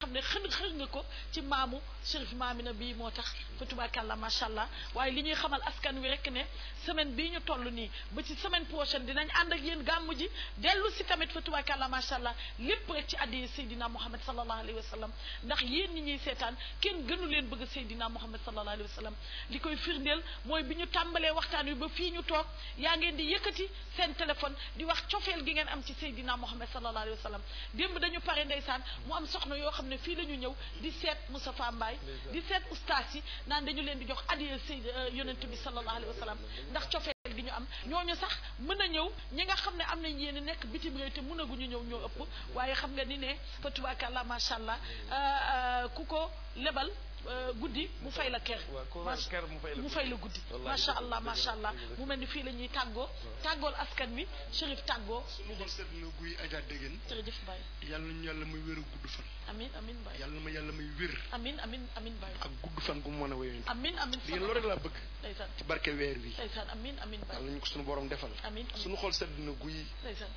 xam ne xën xën nga ko ci maamu Chérif Mamina bii moo tax fa tubaakàlla macha allah waaye li ñuy xamal askan wi rek ne semaine bii ñu toll nii ba ci semaine prochaine dinañ ànd ak yéen gàmmu ji dellu si tamit fa tubaakàlla macha allah lépp rek ci addiya Seydina Muhammad sallallahu alayhi wa sallam ndax yéen ñi ñuy seetaan kenn gënu leen bëgg Seydina Muhammad sallallahu alayhi wa sallam li koy firndeel mooy bi ñu tàmbalee waxtaan wi ba fii ñu toog yaa ngeen di yëkkati seen téléphone di wax cofeel gi ngeen am ci Seydina Muhammad sallallahu alayhi wa sallam démb dañu pare ndeysaan mu am soxna yoo xam xam ne fii la ñu ñëw di seet Moustapha Mbaye di seet oustaz yi naan dañu leen di jox adiya sëy euh, yonent bi sallallahu alayhi wa sallam ndax cofeel gi ñu am ñoo ñu sax mën a ñëw ñi nga xam ne am nañ yéen nekk bitim réew te mën ñu ñëw ñoo ëpp waaye xam nga ni ne fatubakàlla macha allah euh, euh, ku ko lebal Euh, guddi mu fay la ker mu fay la guddi macha allah macha allah mu mel ni fii la ñuy tàggoo tàggool askan wi Chérif tàggoo ñu dem guy aja dégéen jërëjëf Baye yàlla nañu yàlla may wér gudd fan ma yàlla may wér amin amin amin Baye ak gudd fan gu mu mën a wéyoon amin amin lii loolu rek laa bëgg ndeysaan ci barke weer wi ko suñu borom defal amin suñu xool sedd na guy ndeysaan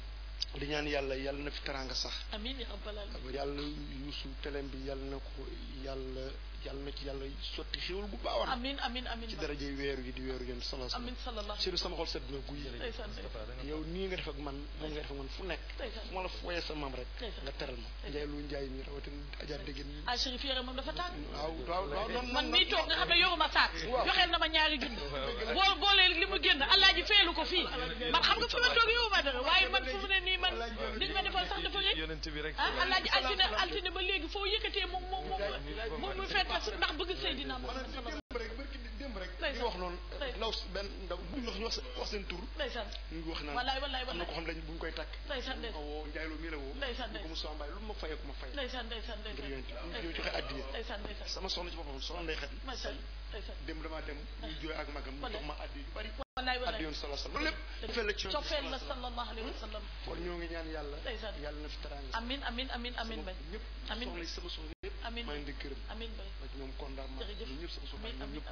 di yàlla yàlla na fi teraanga sax amin ya rabbal alamin yàlla yuusu telem bi yàlla na ko yàlla yàlla na ci yàlla sotti xéwal gu baawoon. amiin amiin amiin ci daraje weer wi di weeru yéen solo. amiin sallallahu ci sama xol sedd na guy. yow nii nga def ak man moom nga def ak man fu nekk. fu ma la fooyee sa maam rek. nga teral ma Ndiaye lu Ndiaye mi rawatina Adja Degene mi. ah Chérif yaramam dafa tàng. waaw waaw waaw man mii toog nga xam ne yoruma saat. waaw joxeel ma ko fii man xam nga fi ma toog yoruma dara waaye man fu mu ne nii man nit ma defal sax dafa rëy. ah alaaji altine altine ba léegi foo yëkkatee moom moom moom muy fekk parce que ndax bëgg Seydina Muhammad maanaam démb la woo ndeysaan ko mu soo mbaay lu ma fayee ku ma fay ndeysaan ndeysaan ngir yonent damaa dem ñu jooy ak magam mu jox ma addiya yu bari addi yoon sala sala lépp cofeel la sallallahu alayhi wa sallam kon ñoo ngi ñaan yàlla na fi teraanga amin amin amin amiin maa ngi leen di gërëm ak ñoom kondaar ma ñoom ñëpp sama soxna ñoom ñëpp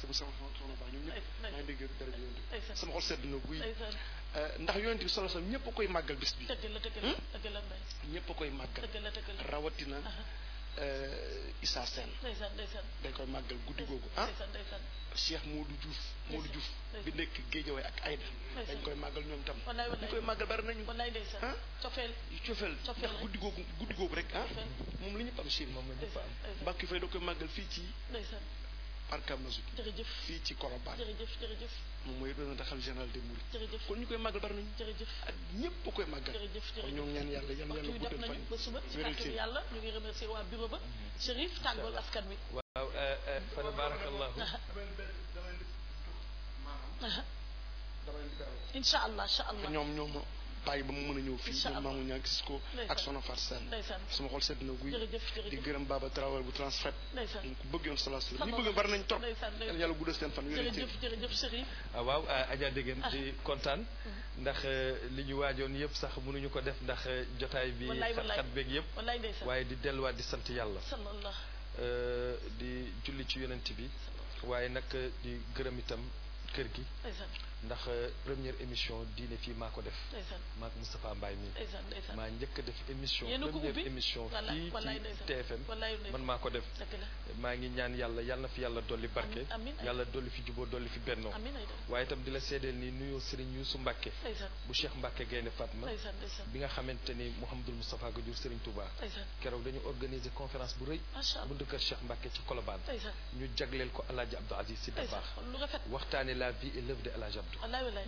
sama sama soxna baax ñoom ñëpp maa ngi leen di gërëm dara yonent bi sama xol sedd na guy euh, ndax yonent bi solo sam ñëpp koy màggal bis bi a koy màggal rawatina Euh, Issa Sène dañ koy màggal guddi googu ah Cheikh Modou Diouf Modou Diouf bi nekk Guédiawaye ak Aïda dañ koy màggal ñoom tam ñu koy màggal bari nañu ah cofeel cofeel ndax guddi googu guddi googu rek ah moom li ñëpp am Chine moom la ñëpp am Mbacke Faye koy màggal fii ci Barka Moussa. jërëjëf fii ci Colobane. jërëjëf jërëjëf. moom mooy doon taxal général des Mourides. jërëjëf ko ñu koy màggal bari nañu. jërëjëf ak ñëpp a koy màggal. jërëjëf jërëjëf kon ñoo ngi ñaan yàlla yan yàlla guddal fan. ba suba ci kàttan yàlla ñu ngi remercier waa bureau ba. Chérif tàggool askan wi. waaw eh, eh, fa tabarakallahu. incha allah incha allah. ñoom ñoom. bàyyi ba mu mën a ñëw fii ñoom maamu ñaa gis ko ak sono far seen sama xol sedd na guy di gërëm Baba Traoré bu transfert mu ko bëgg yoon salaas la ñu bëgg bari nañ trop yàlla guddal seen ah, waaw ah, Adja Dégène di ah. kontaan mhm. ndax euh, li ñu waajoon yëpp sax mu mënuñu ko def ndax euh, jotaay bi xat-xat beeg yëpp waaye di delluwaat di sant yàlla euh, di julli ci yonent bi waaye nag di gërëm itam kër gi ndax euh, première émission diine fii maa ko def maa ko Moustapha Mbaye mi maa njëkk def émission première émission fii ci TFM man maa ko def maa ngi ñaan yàlla yàlla fi yàlla dolli barke yàlla dolli fi juboo dolli fi bennoo waaye itam di la seedeel ni nuyoo Serigne Youssou Mbacké bu Cheikh Mbacké Gaynde Fatma bi nga xamante ni Mouhamadoul Moustapha Gadio Serigne Touba keroog dañu organiser conférence bu rëy buntu kër Cheikh Mbacké ci Colobane ñu jagleel ko Alaaji Abdou Aziz Sy Dabakh waxtaane la vie et l'œuvre de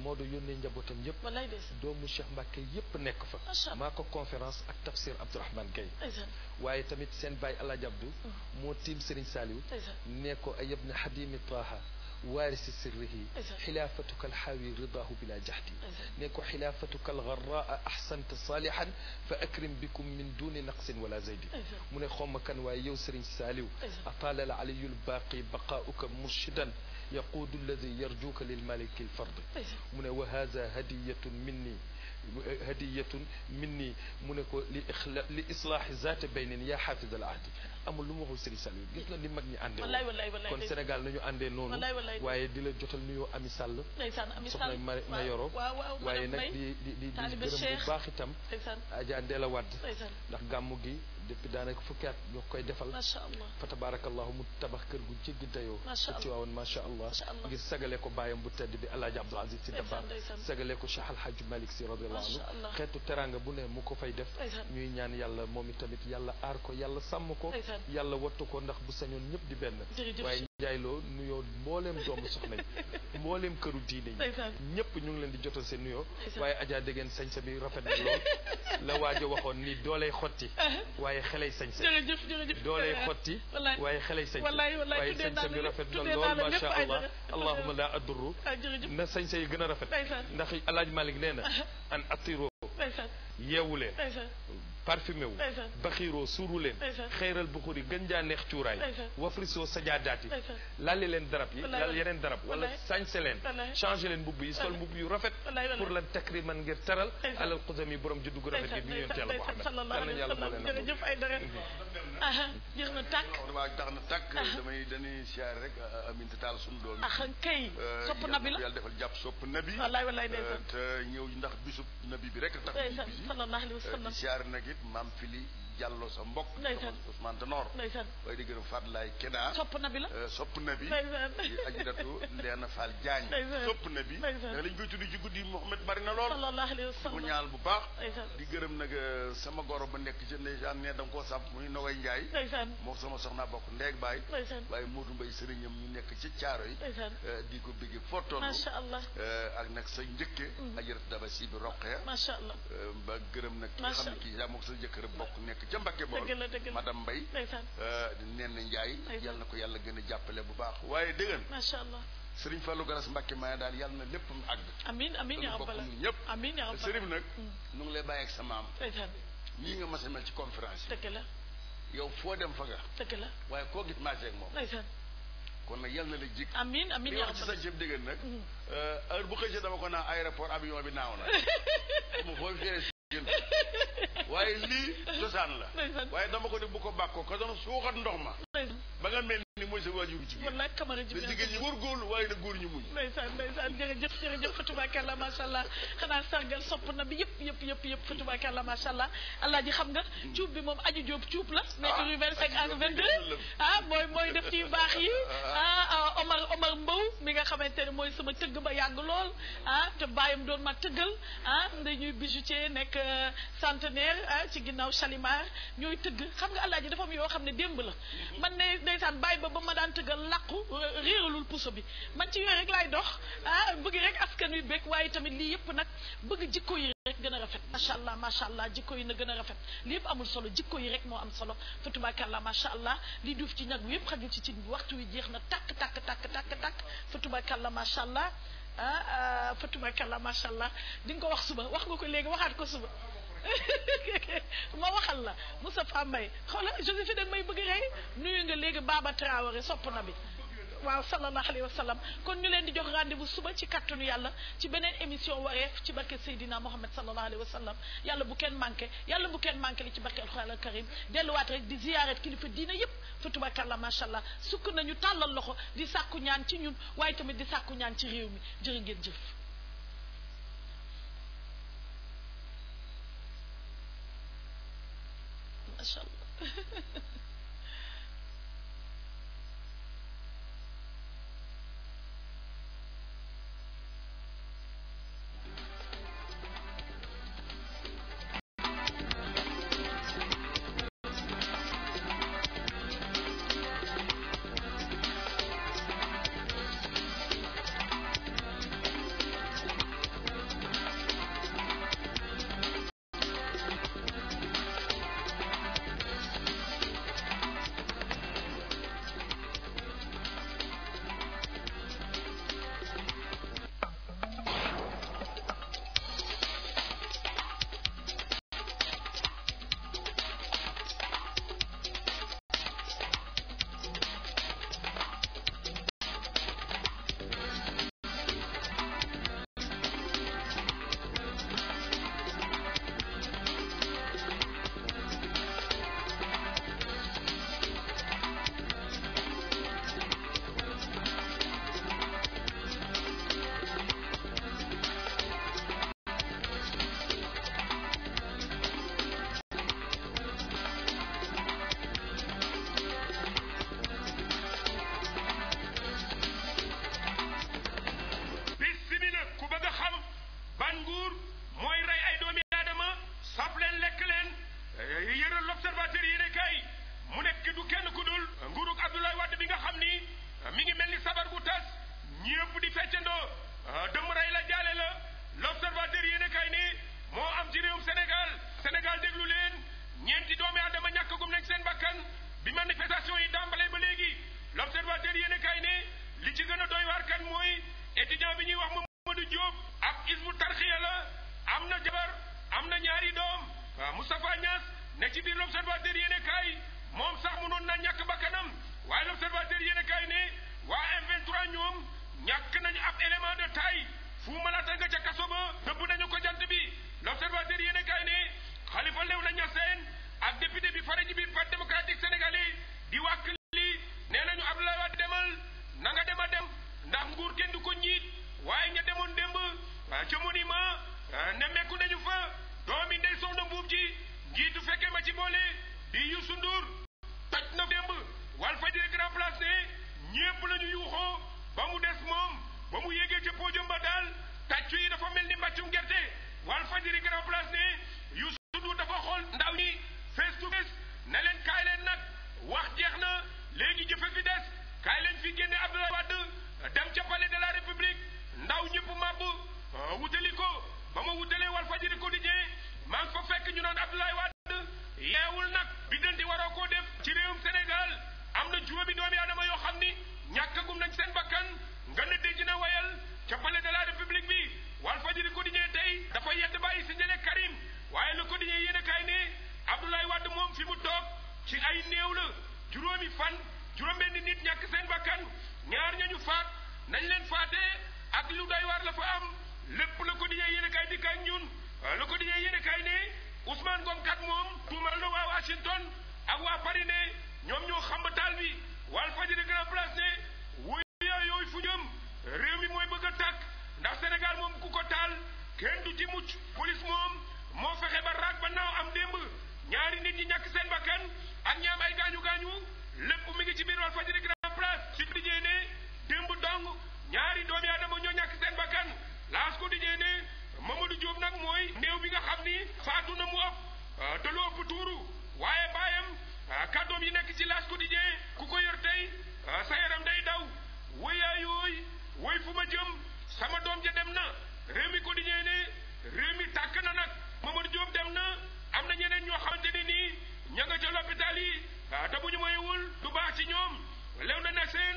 Maodo yónnee njabootam yëpp doomu Cheikh Mbacke yëpp nekk fa maa ko conférence ak tafsir Abdourahmane Gaye waaye tamit seen baay Alaaji Abdou mm. moo tiim Serigne Saliou ne ko ayabna hadimi Taha waarisi sirrihi xilaafatuka alxaawi ridaahu bila jahdi ne ko xilaafatuka algarraa ahsanta saalihan fa akrim bikum min duni naqsin wala zaydi mu ne xomma kan waaye yow Serigne Saliou ataalal aliyul baaqi baqaauka murshidan yaquudu alladi yarjuuka lil maliki lfard mu ne wa haza hadiyatun minni hadiyatun minni mu ne ko li ixla li islaahi zaate baynin yaa xaafid al ahdi amul lu mu waxul Serigne Sall gis nga li mag ñi àndee kon Sénégal nañu àndee noonu waaye di la jotal nuyoo Ami Sall soxna ma Mayoro waaye nag di di di gërëm bu baax itam Adja Ndella Wade ndax gàmmu gi depuis daanaka fukki at ñoo koy defal macha allah fa tabarakallahu mu tabax kër gu jéggi dayoo su ci waawoon macha allah ngir sagale ko bàyyam bu tedd bi alaaji abdul aziz si dafa sagale ko cheikh alhaji malik si radiallahu anhu xeetu teranga bu ne mu ko fay def ñuy ñaan yàlla moom i tamit yàlla aar ko yàlla sàmm ko yàlla wattu ko ndax bu sañoon ñëpp di benn Ndiaye Lo nuyoo mbooleem doomu soxna yi mbooleem këru diine yi ñëpp ñu ngi leen di jotal seen nuyoo waaye Adja dégeen sañse bi rafet na lool la waaj a waxoon ni dooley xotti ah. waaye xelay sañse jërëjëf jërëjëf dooley xotti waaye xelay sañse waaye sañse bi rafet na lool macha allah allahuma la adduru ah, na sañse yi gën a rafet ndax alaaj Malik nee na ah. an attiro yeewu leen parfumé wu baxiiroo suuru leen xëyral buxur yi gën jaa neex cuuraay wafrisoo sajaadaat yi leen darab yi laal yeneen darab wala sañse leen changé leen mbubb yi sol mbubb yu rafet pour lan takriman ngir teral alal xudam yi borom juddu gu rafet yi bi yonent yàlla Muhammad nañ yàlla boole jërëjëf ay dara jëx na tàkk damaa tax na tàkk damay dañuy siyaare rek Aminata Tall suñu doom ah kay sopp nabi la yàlla defal jàpp sopp nabi wallaay wallaay te ñëw ndax bisub nabi bi rek tax yëpp maam fili Diallo sa mbokk. ndeysaan Ousmane Tanor. ndeysaan waaye di gërëm Fadlaay Keda. sopp na bi la euh, sopp na bi. ndeysaan di ajidatu Leena Fall Diagne. ndeysaan sopp na bi. ndeysaan ndax liñ koy tudd ci guddi Mouhamed bari na lool. sallallahu alayhi mu ñaal bu baax. di gërëm nag euh, sama goro ba nekk ci ndeysaan ne da nga koo sàpp muy Nogoy Ndiaye. ndeysaan sama soxna bokk ndeeg baay. ndeysaan waaye Modou Mbaye sëriñam ñu nekk ci caaro yi. Euh, di ko bëgg fottoon. macha ak nag sa njëkke. Mm-hmm. ajidatu daba si bi roqee. macha ba gërëm nag ki xam ne kii yaa moom sa jëkkër bokk nekk dëkk ca Mbacke Bawol dëgg la dëgg la madame Mbaye nenn euh, Ndiaye yal na ko yàlla gën a jàppale bu baax waaye dëggan macha allah sëriñ Fallou Garas Mbacke Maya daal yàlla na lépp mu àgg amiin amiin yaa rabbal aalamiin ñëpp amiin yaa rabbal aalamiin sëriñ nag nu mm. ngi lay bàyyi ak sa maam nii nga mas a mel ci conférence yi dëgg la yow foo dem fa nga dëgg la waaye koo gis maasee ak moom kon nag yal na la jik amiin amiin yaa rabbal ci sa ceeb dëggan nag mm. euh, heure bu xëy dama ko naa aéroport avion bi naaw na mu foofu waaye lii cosaan la waaye dama ko def bu ko bàkkoo ko doon suuxat ndox ma ba nga mel ni mooy sa waajur jigéen wallaay Camara ji jigéen ñi góorgóorlu waaye na góor ñu muñ ndeysaan ndeysaan jërëjëf jërëjëf Fatou Bakalla macha allah xanaa sargal sopp na bi yëpp yëpp yëpp yëpp Fatou allah allah ji xam nga cuub bi moom aju jóob cuub la nekk ah. rue vingt cinq ak vingt deux ah mooy mooy def ci baax yi ah, ah, ah. Omar Omar mi nga xamante ne mooy sama tëgg ba yàgg lool ah te bàyyam doon ma tëggal ah dañuy bijoutier nekk euh, centenaire ah ci ginnaaw Chalimar ñooy tëgg xam nga allah ji dafa yoo xam ne démb la man ba ba ma daan tëggal làqu euh, réeralul puso bi man ci yooyu rek laay dox ah bëgg rek askan wi beeg waaye tamit lii yëpp nag bëgg jikko yi rek gën a rafet macha allah macha allah jikko yi na gën a rafet lii yëpp amul solo jikko yi rek moo am solo fa tubaakallah macha allah lii duuf ci ñag bi yëpp xajul ci cin bi waxtu wi jeex na takk takk takk takk takk fa tubaakallah macha allah ah, ah Fatou Bakalla macha allah di nga ko wax suba wax nga ko léegi waxaat ko suba ma waxal la Moustapha Mbaye xoolal Joséphine da nga may bëgg rey nuyu nga léegi Baba Traoré sopp na bi waaw sallallahu alayhi wa sallam kon ñu leen di jox rendez suba ci kattanu yàlla ci beneen émission wareef ci barke Seydina Mohamed sallallahu alayhi wa sallam yàlla bu kenn manqué yàlla bu kenn manqué li ci barke alxuraan al karim delluwaat rek di ziyaaret kilifa diina yépp fa la macha allah sukk nañu tàllal loxo di sàkku ñaan ci ñun waaye tamit di sàkku ñaan ci réew mi jërë ngeen jëf Washington ak waa Paris ne ñoom ñoo xambataal bi Walf Fadjri Grand Place ne wuya yooyu fu jëm réew mi mooy bëgg a tàkk ndax Sénégal moom ku ko taal kenn du ci mucc police moom moo fexe ba raag ba naaw am démb ñaari nit ñi ñàkk seen bakkan ak ñaam ay gaañu-gaañu lépp mi ngi ci biir Walf Fadjri Grand Place su dijee ne démb dong ñaari doomi aadama ñoo ñàkk seen bakkan laas ko dijee ne Mamadou Diop nag mooy néew bi nga xam ni faatu na mu ëpp euh, waaye baayam kàddoom yi nekk ci laas quotidien ku ko yor tey sa yaram day daw wëyaayooy woy fu ma jëm sama doom ja dem na réew mi quotidien ne réew mi tàkk na nag Mamadou Diop dem na am na ñeneen ñoo xamante ne nii ña nga ca l'hôpital yi te bu ñu moyewul du baax ci ñoom lew na na seen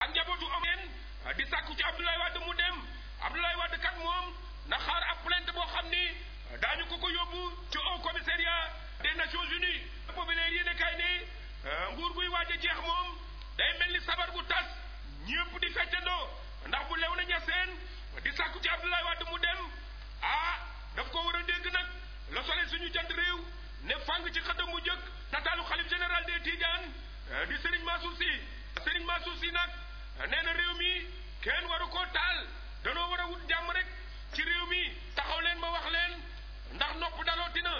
ak njabootu ameen di sàkku ci Abdoulaye Wade mu dem kenn waru koo taal danoo war a wut jàmm rek ci réew mi taxaw leen ma wax leen ndax nopp dalootina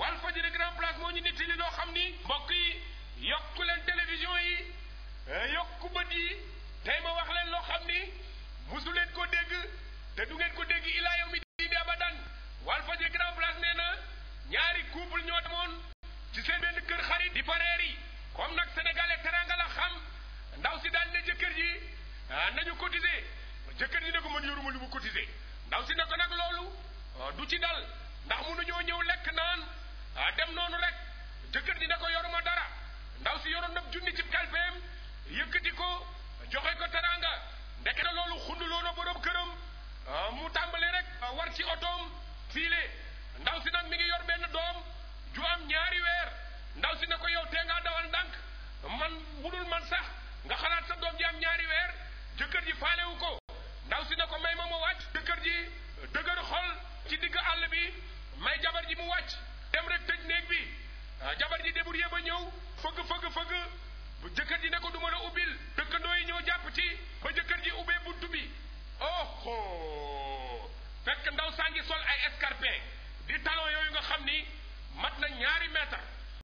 wal fajiri grand place moo ñu nettali loo xam ni mbokk yi yokku leen télévision yi eh, yokku bët yi tey ma wax leen loo xam ni musu leen ko dégg te du ngeen ko dégg ilaa yow mi di abadan wal fajiri grand place nee na ñaari couple ñoo demoon ci seen benn kër xarit di pareer yi comme nag sénégalais teranga la xam du ci dal ndax mënuñoo ñëw lekk naan ah, dem noonu rek jëkkër ji ne ko yoruma dara ndaw si yoroon nag junni ci kalpeem yëkkati ko joxe ko teraanga ndeke na loolu xunduloo na këram ah, mu tàmbali rek ah, war ci otoom fiile